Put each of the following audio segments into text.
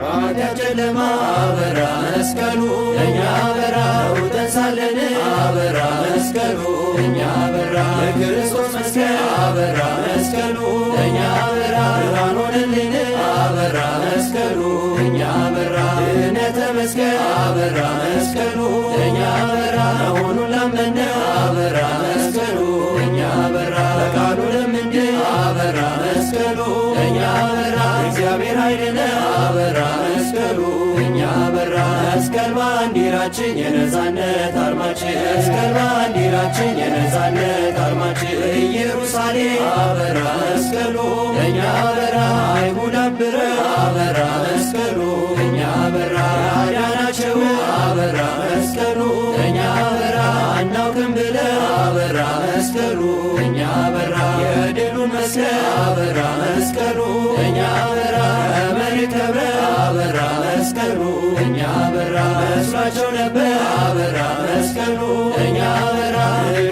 ባታ ጨለማ አበራ መስቀሉ እኛ በራ ውተንሳለን አበራ መስቀሉ እኛ በራ የክርስቶስ መስቀል አበራ መስቀሉ እኛ በራ ብርሃን ሆነልን አበራ መስቀሉ ለእኛ በራ ድህነተ መስቀል አበራ መስቀሉ እኛ በራ መሆኑን ላመነ አበራ መስቀሉ ለእኛ በራ በቃሉ ለምንድ አበራ መስቀሉ እኛ በራ እግዚአብሔር ኃይልነ ክብሩ እኛ በራ መስቀል ባንዲራችን የነፃነት አርማችን መስቀል ባንዲራችን የነፃነት አርማችን ኢየሩሳሌም አበራ መስቀሉ እኛ በራ አይሁድ አብረ አበራ መስቀሉ እኛ በራ ያዳናቸው አበራ መስቀሉ እኛ በራ አናውቅም ብለ አበራ መስቀሉ እኛ በራ የድሉን መስቀል አበራ መስቀሉ እኛ መስቀሉ እኛ በራ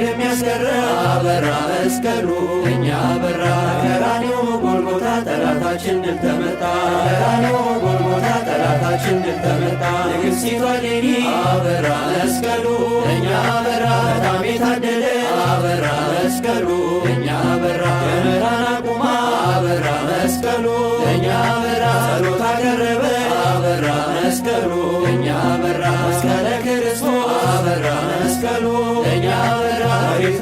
የሚያስቀረ አበራ መስቀሉ እኛ በራ ቀራንዮ ጎልጎታ ጠላታችን ድል ተመታ ቀራንዮ ጎልጎታ ጠላታችን ድል ተመታ ንግሥቲቷ ሌኒ አበራ መስቀሉ እኛ በራ በጣም የታደለ አበራ መስቀሉ መስቀሉ ለእኛ በራ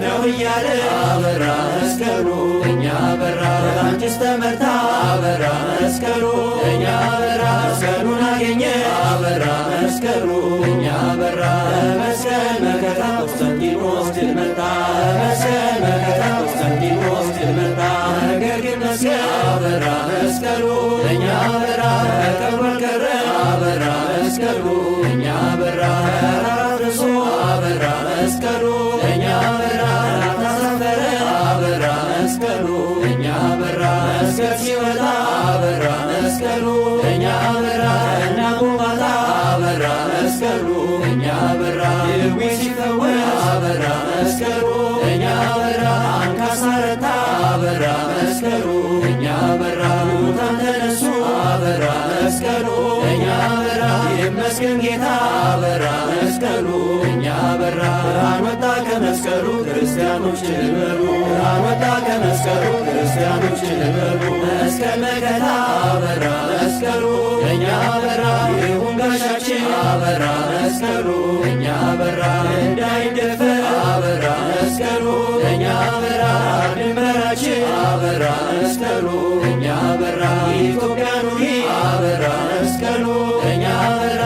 ነው እያለ አበራ መስቀሉ ለእኛ በራ ተመርታ አበራ መስቀሉ ለእኛ በራ መስቀሉን አገኘ አበራ መስቀሉ ለእኛ በራ መስቀል መከታ ቆስጠንጢኖስ ድል መጣ መከታ ቆስጠንጢኖስ ድል መጣ ነገር ግን መስቀል አበራ መስቀሉ ለእኛ በራ መቀበል ቀረ አበራ መስቀሉ ለእኛ በራ መስከር ሲወጣ አበራ መስቀሉ እኛ አበራ እና ቁማታ አበራ መስቀሉ እኛ አበራ ልዊ ሲፈወስ አበራ መስቀሉ እኛ አበራ አንካሳ አበራ መስቀሉ እኛ አበራ ሙታን ተነሱ አበራ መስቀሉ እኛ አበራ የመስገን ጌታ አበራ መስቀሉ እኛ አበራ ብርሃን ወጣ ከመስቀሉ ክርስቲያኖች በሉ ብርሃን ወጣ ከመስቀሉ ክርስቲያኖች ንበቡ መከታ አበራ መስቀሉ ለእኛ በራ ይሁን ጋሻችን አበራ መስቀሉ እኛ አበራ እንዳይደፈ አበራ መስቀሉ ለእኛ በራ ድንበራችን አበራ መስቀሉ እኛ አበራ ኢትዮጵያኑ አበራ መስቀሉ ለእኛ በራ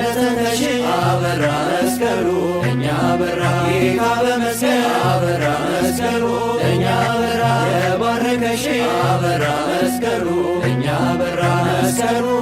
ነተነሽ አበራ መስቀሉ እኛ አበራ ይካ በመስቀል አበራ መስቀሉ ነሽ። አበራ መስቀሉ እኛ በራ መስቀሉ